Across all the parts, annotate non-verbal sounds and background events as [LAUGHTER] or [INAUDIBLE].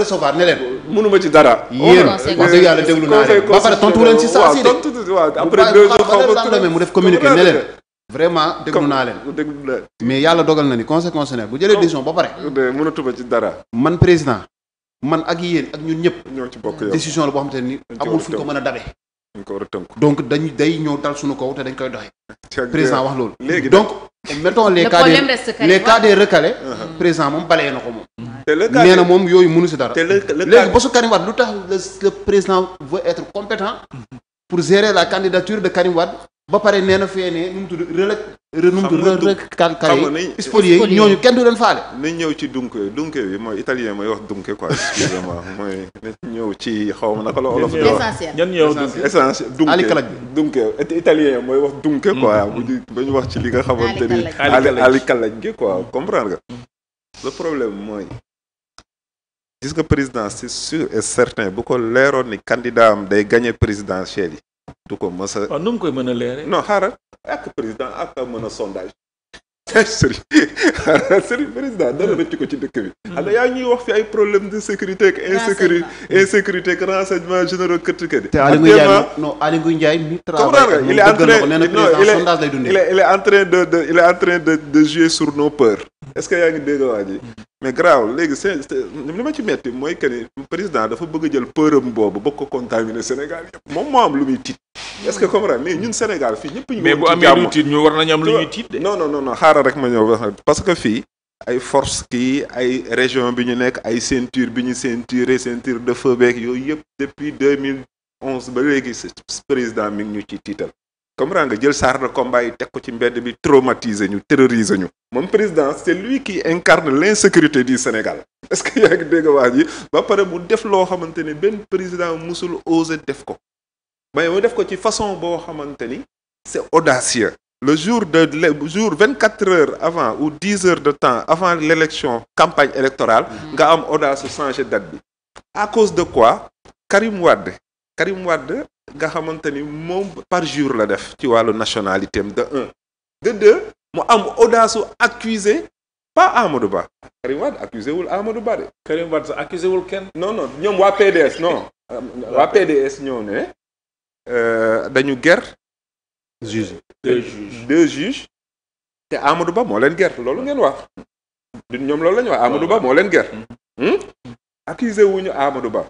recevoir ne leen. mënuma ci dara. yéen wax dëgg yàlla déglu naa leen ba pare tontu leen ci saa si de. après deux jours mu def communiqué ne leen. vraiment déglu naa leen. mais yàlla dogal na ni conseil constitutionnel bu jëlee décision ba pare. mënatuma man président man ak yéen ak ñun ñëpp. ñoo ci bokk décision la boo xamante ni amul fu ñu ko mën a dabe. donc dañu day ñëw dal suñu kaw te dañ koy doxee. président wax loolu. donc mettons les cas des les cas des recalés. Uh-huh. président moom balee na ko moom. te le nee na moom yooyu mënu si dara. te le léegi ba su lu tax le président veut être compétent pour gérer la candidature de Karim Wade ba pare nee na fee ne nu mu tudd rële. xam nga du xam ñooñu kenn du leen faale. nañ ñëw ci dunque dunque bi mooy italien mooy wax dunkee quoi excusez [LAUGHS] mooy nañ ñëw ci xaw ma naka la olof. essentiel ñan ñëw dunque essentiel dunque dunque italien mooy wax dunque quoi. Mm. bu ñu ba ñu wax ci li nga xamante ni. ali kalaj ali kalaj quoi comprendre nga. le problème mooy gis nga président c'est sûr et certain bu ko leeroon ni candidat am day gagné présidentielle yi du ko mës nu mu koy mën a leeree. non xaaral ak président ak mën a sondage. [LAUGHS] [LAUGHS] Serigne président dara rëcc ko ci dëkk bi. Mm-hmm. alors yaa ñuy wax fi ay problème de sécurité ak. insécurité insécurité ak renseignement généraux kër kër. te Aliou Ndiaye non Aliou Ndiaye mi travaille il de de il de jouer sur nos peurs. est que yaa ngi dégg waa ji mm-hmm. mais grave léegi c'est li ma ci metti mooy que ni président dafa bëgg jël peuram boobu ba ko contaminer Sénégal yëpp moom moo am lu muy tiit. est-ce que comprendre mais ñun Sénégal fi ñëpp ñu. mais bu amee lu tiit ñu war nañu am lu ñuy tiit de. non non non xaaral rek ma ñëw parce que fii. ay force kii ay région bi ñu nekk ay ceinture bi ñu ceinture ceinture de feu beeg yooyu yëpp depuis deux mille onze ba léegi président mi ngi ñu ci tiital. comprends nga jël char de yi teg ko ci mbedd bi traumatiser ñu terroriser ñu. moom président c'est lui qui incarne sécurité di Sénégal. est que yaa ngi dégg ba pare mu def loo xamante ne benn président musul oser def ko. mais mu def ko ci façon boo xamante ni c'est audacieux le jour de le jour vingt quatre heures avant ou dix heures de temps avant l'élection campagne électorale mm-hmm. nga am audace changer date bi à cause de quoi Karim Wade Karim Wade nga xamante ni moom par jour la def ci wàllu nationalité am de un de deux mu am audace accuser pas Amadou Ba Karim Wade accusé wul Amadou Ba de. Karim Wade sax accusé wul kenn. non non ñoom waa PDS non. [LAUGHS] waa PDS ñoo ne. Euh, dañu ger juge deux juges deux juges te Amadou Ba moo leen ger loolu ngeen wax ñoom loolu la ñu wax Amadou Ba moo leen ger hmm? accusé wu ñu Amadou Ba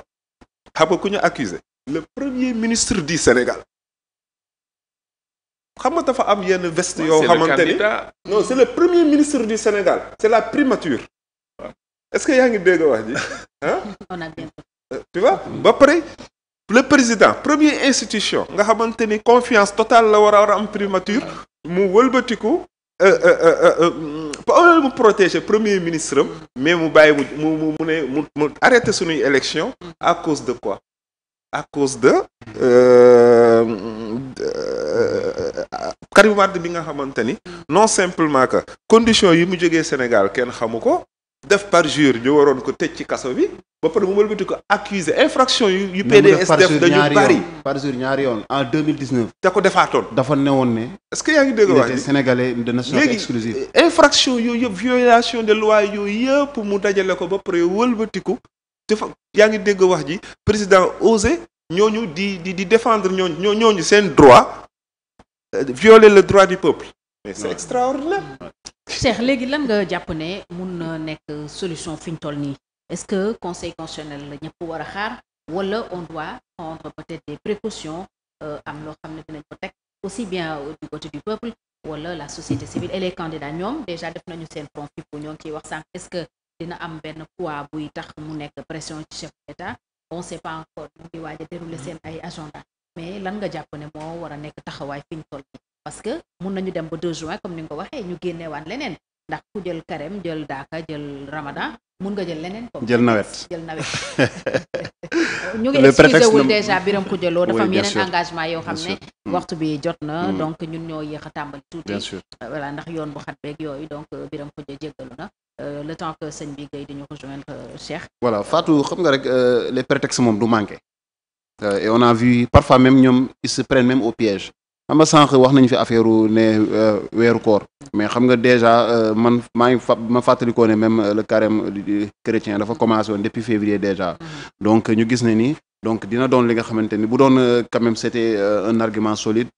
xam nga ku ñu accusé le premier ministre du Sénégal xam nga dafa am yenn veste yoo xamante ni non c'est le premier ministre du Sénégal c'est la primature est-ce que yaa ngi dégg wax ji ah [LAUGHS] tu vois ba pare le président premier institution nga xamante ni confiance totale la war a war a am primature mu walbatiku ba euh, euh, euh, mm, mu protéger premier ministre am mais mu bàyyi mu mu mu ne mu mu arrêté suñuy élection à cause de quoi à cause de Karim Wade bi nga xamante ni non simplement que condition yi mu jógee Sénégal kenn xamu ko def par parjure ñu waroon ko tëj ci kaso bi ba pare mu wëlbati ko accuser infraction yu yu PDS def dañu bari parjure ñaari yoon en 2019 te ko defaatoon dafa newoon ne est-ce que yaa ngi dégg wax sénégalais de nationalité exclusive euh, infraction yooyu yëpp violation de loi yooyu yëpp mu dajale ko ba pare wëlbatiku dafa yaa ngi dégg wax ji président osé ñooñu di di di défendre ñooñu ñooñu seen droit euh, violer le droit du peuple mais c'est extraordinaire Cheikh léegi lan nga jàpp ne mun na nekk solution fi ñu toll nii est-ce que conseil constitutionnel la ñëpp war a xaar wala on doit prendre peut-être des précautions euh, am loo xam ne dinañ ko teg aussi bien du côté du peuple wala la société civile et les ñoom déjà def nañu seen front fippu ñoo ngi ciy wax sànq est-ce que dina am benn poids buy tax mu nekk pression ci chef d'État on sait pas encore ñu ngi waaj a seen ay agenda mais lan nga jàpp ne moo war a nekk taxawaay fi ñu parce que mun nañu dem ba 2 juin comme ni nga ko waxee ñu génneewaan leneen ndax ku jël carême jël daaka jël ramadan mun nga jël leneen. comme jël nawet jël nawet. [LAUGHS] ñu ngi excusé wul déjà biram ku jëloo dafa am yeneen engagement yoo xam ne. Mm. waxtu bi jot na. Mm. donc ñun ñoo yéex a tàmbali tuuti. Euh, voilà ndax yoon bu xat beeg yooyu donc euh, biram ku jë jéggalu na. Euh, le temps que sëñ bi Guèye di ñu rejoindre Cheikh. voilà Fatou xam nga rek les prétextes moom du manqué. et on a vu même ñoom ils se xam nga sànq wax nañu fi affaire ne euh, weeru koor mais xam nga déjà euh, man maa ngi fa ma fàttalikoo ne même euh, le carême chrétien dafa commencé woon depuis février déjà mm-hmm. donc ñu gis ne ni donc dina doon li nga xamante ni bu doon quand même c'était un argument solide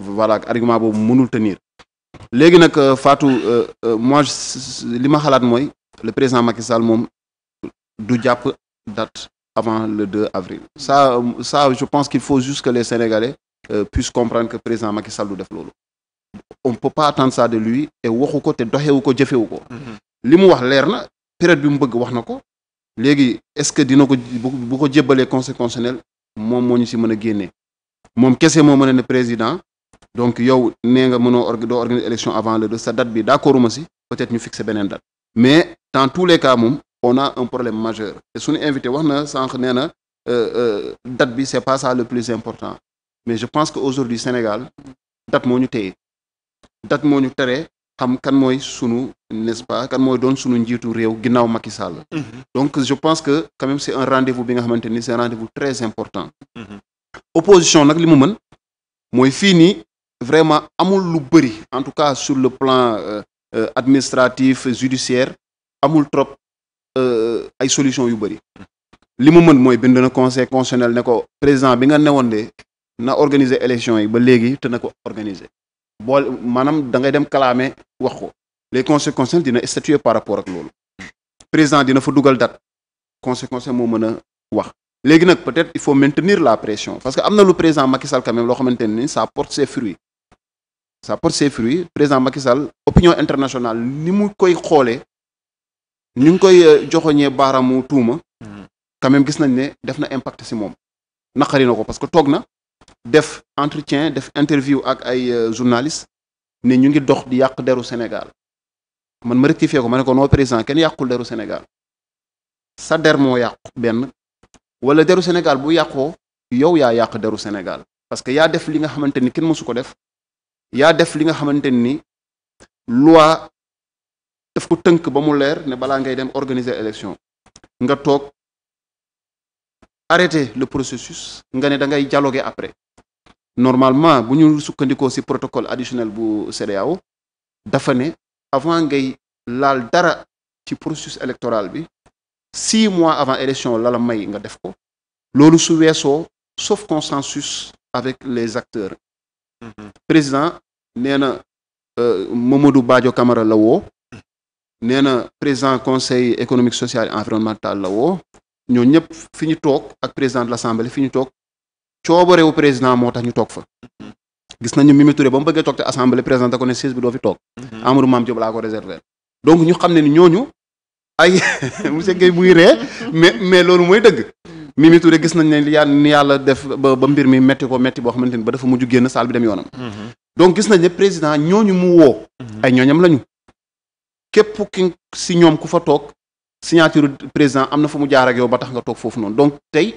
voilà argument boobu mënul tenir léegi nag Fatou moi li ma xalaat mooy le président Macky Sall moom du jàpp dat avant le 2 avril saa ça je pense qu'il faut juste que les Euh, puisse comprendre que président Macky Sall def loolu on peut pas attendre ça de lui et waxu ko te doxewu ko jëfewu ko mhm. li mu wax leer na période bi mu bëgg wax na ko léegi est-ce que dina ko bu ko jébbalee conseil constitutionnel moom moo ñu si mën a génnee moom kese moo mën a ne président donc yow nee nga mënoo org doo organiser élection avant le de sa date bi d'accord ma si peut-être ñu fixer beneen date mais dans tous les cas moom on a un problème majeur te suñu invité na sànq nee na euh, euh, date bi c'est pas le plus important mais je pense que aujourd'hui Sénégal date moo ñu téye date moo ñu teree xam kan mooy sunu ness ce pas kan mooy doon sunu njiitu réew ginnaaw Macky Sall. Mm-hmm. donc je pense que quand même c'est un rendez-vous bi nga xamante ni c'est un rendez-vous très important. Mm-hmm. opposition nag li mu mën mooy fii nii vraiment amul lu bëri en tout cas sur le plan euh, euh administratif judiciaire amul trop euh, ay solution yu bëri. Mm-hmm. li mën mooy bind na conseil constitutionnel ne ko président bi nga newoon na organiser élection yi ba léegi te na ko organiser bool maanaam dangay dem kalaame wax ko les conséquences dina statuer par rapport ak loolu président dina fa dugal date conséquence moo mën a wax léegi nag peut-être il faut maintenir la pression parce que am na lu président Macky Sall quand loo xamante ne ni ça porte ses fruits ça porte ses fruits président Macky Sall opinion internationale ni mu koy xoolee ñu ngi koy euh, joxoñee baaraamu tuuma hmm. quand gis nañ ne def na impact ci moom naqari na ko parce que toog na def entretien def interview ak ay euh, journaliste ne ñu ngi dox di yàq deru Sénégal man ma rectifié ko ma ne ko non président kenn yàqul deru Sénégal sa der moo yàqu benn wala deru Sénégal bu yàqoo yow yaa yàq deru Sénégal parce que yaa def li nga xamante ni kenn mësu ko def yaa def li nga xamante ni loi daf ko tënk ba mu leer ne balaa ngay dem organiser élection nga toog arrêter le processus nga ne da ngay dialoguer après normalement bu ñu sukkandikoo ci protocole additionnel bu CEDEAO dafa ne avant ngay laal dara ci processus électoral bi six mois avant élection lala may nga def ko loolu su weesoo sauf consensus avec les acteurs mm -hmm. président nee na euh, Mamadou Badio Camara la nee na président conseil économique social et environnemental la ñoo ñëpp fi ñu toog ak président de l'assemblée fi ñu toog coobarewu président moo tax ñu toog fa gis nañu Mimi Touré ba mu bëggee toog te assemblée présidente ko ne bi doo fi toog mm-hmm. xam ne ni ñooñu ay [LAUGHS] monsieur Guèye muy ree mais mais loolu mooy dëgg Mimi gis nañ ne ni yàlla def ba ba mbir mi metti ko metti boo xamante ni ba dafa mujj génn salle bi dem yoonam mm-hmm. donc gis nañ ne président ñooñu mu woo mm-hmm. ay ñooñam lañu képp ki si ñoom ku fa toog signature président am na fa mu jaar ak ba tax nga toog foofu noonu donc tey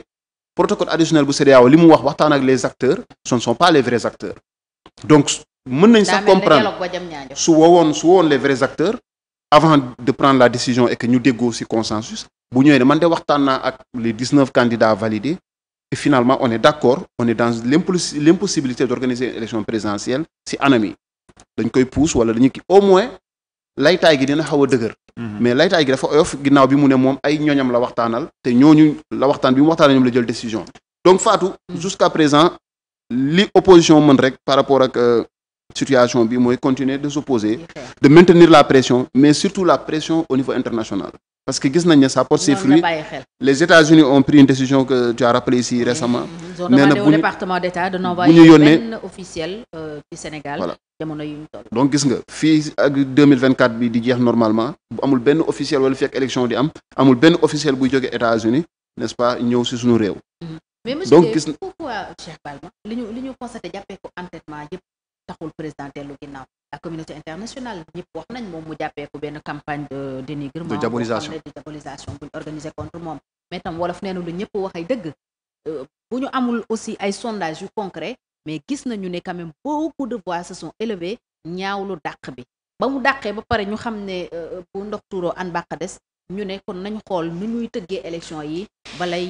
protocole additionnel bu CEDEAO li mu wax waxtaan ak les acteurs ce ne sont pas les vrais acteurs donc mën nañ sax comprendre su woowoon su woowoon les vrais acteurs avant de prendre la décision et ñu déggoo ci consensus bu ñëwee ne man de waxtaan naa ak les dix neuf candidats validés et finalement on est d'accord on est dans l'impossibilité d'organiser une élection présidentielle ci anam yi dañ koy pousse wala dañu ki au moins laytaay gi dina xaw a dëgër mhm. mais laytaay gi dafa oyof ginnaaw bi mu ne moom ay ñooñam la waxtaanal te ñooñu la waxtaan bi mu waxtaanal ñoom la jël décision donc Fatou jusqu'à présent li opposition mën rek par rapport ak euh, situation bi mooy continuer de s'opposer de maintenir la pression mais surtout la pression au niveau international parce que gis nañ ne ça porte ses fruits les États-Unis ont pris une décision que tu as rappelé ici récemment nee na bu ñu officiel ci euh, Sénégal. donc gis nga fi ak 2024 bi di jeex normalement bu amul benn officiel wala fekk élection di am amul benn officiel buy jóge États-Unis n'est-ce pas ñëw si suñu réew. na mm-hmm. mais monsieur pourquoi Cheikh Balma li ñu li ñu constaté jàppee ko entêtement yëpp taxul président dellu ginnaaw la communauté internationale ñëpp wax nañ moom mu jàppee ko benn campagne de dénigrement de moom mais tam wolof nee lu ñëpp wax ay dëgg Euh, bu ñu amul aussi ay sondage yu concret mais gis nañu ne quand même beaucoup de voix se sont élevées ñaawlu dàq bi ba mu dàqee ba pare ñu xam ne euh, euh, bu ndox tuuroo an bàq des ñu ne kon nañu xool nu ñuy tëggee élection yi balay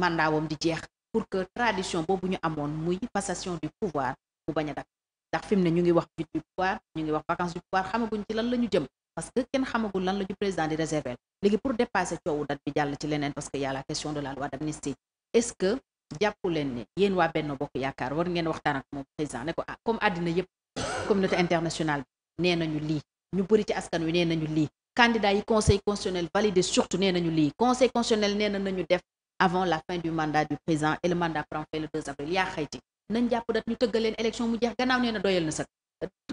mandaawam di jeex pour que tradition boobu ñu amoon muy passation du pouvoir mu bañ a dakk ndax fi mu ne ñu ngi wax vide du pouvoir ñu ngi wax vacance du pouvoir xamaguñ ci lan la ñu jëm parce que kenn xamagul lan la ñu président di réserver léegi pour dépasser coowu date bi jàll ci leneen parce que y est-ce que jàppu leen ne yéen waa Benno Bokk Yaakaar war ngeen waxtaan ak moom président ne ko ah comme àddina yëpp communauté internationale bi nee nañu lii ñu bëri ci askan wi nee nañu lii candidat yi conseil constitutionnel validé surtout nee nañu lii conseil constitutionnel nee na nañu def avant la fin du mandat du président et le mandat prend fin le avril yaa xayti nañ jàpp dat ñu tëggal leen élection mu jeex gannaaw nee na doyal na sax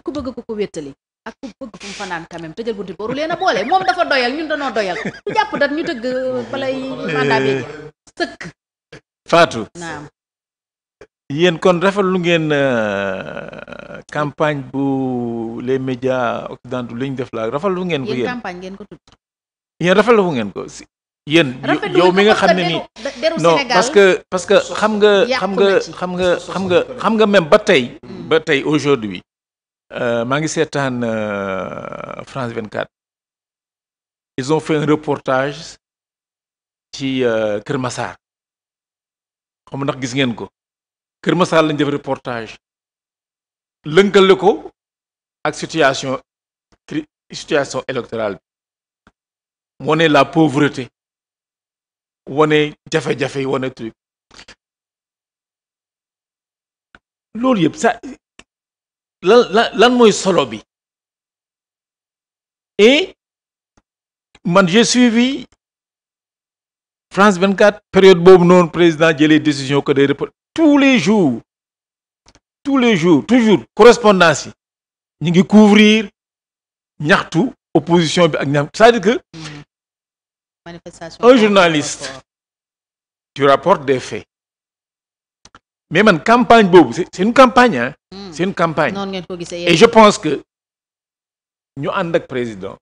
ku bëgg ko ko wéttali ak ku bëgg fu mu fanaan quand même Fatou naam kon rafetlu ngeen euh, campagne bu les médias occidentaux li ñu def la rafetlu ngeen ko yéen campagne ngeen ko tudd yéen rafetlu ngeen ko si yéen yow mi nga xam ne ni non parce que parce que xam nga xam nga xam nga xam nga xam nga même ba tey ba tey aujourd'hui euh, maa ngi seetaan euh, France 24 ils ont fait un reportage ci Kër Massar xam ndax gis ngeen ko Kër Masar lañ def reportage lënkale ko ak situation situation électorale bi wane la pauvreté wane jafe-jafe yi wane truc loolu yëpp sa lan lan lan mooy solo bi e man j'ai suivi France 24 période boobu noonu président jëlee décision que day reporter tous les jours tous les jours toujours correspondance yi ñu ngi couvrir ñaxtu opposition bi ak ñaxtu c'est-à-dire que mm-hmm. un journaliste tu rapportes des faits mais man campagne boobu c'est une campagne ah c'est une campagne mm. et je pense que ñu ànd ak président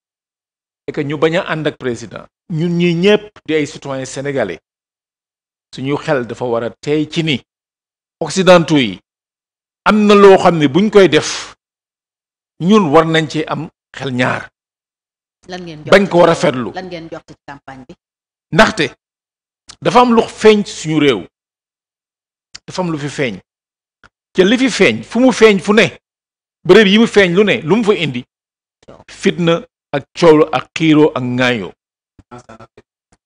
et que ñu bañ a ànd ak président ñun ñi ñëpp di ay citoyen sénégalais suñu xel dafa war a tey ci ni occidentaux yi am na loo xam ne buñ koy def ñun war nañ ci am xel ñaar lan ngeen bañ ko war a fetlu lan ngeen jox ci ndaxte dafa am lu feeñ suñu réew dafa am lu fi feeñ ca li fi feeñ fu mu feeñ fu ne bërëb yi mu feeñ lu ne lu mu fa indi fitna ak coow ak xiiroo ak ŋaayoo à la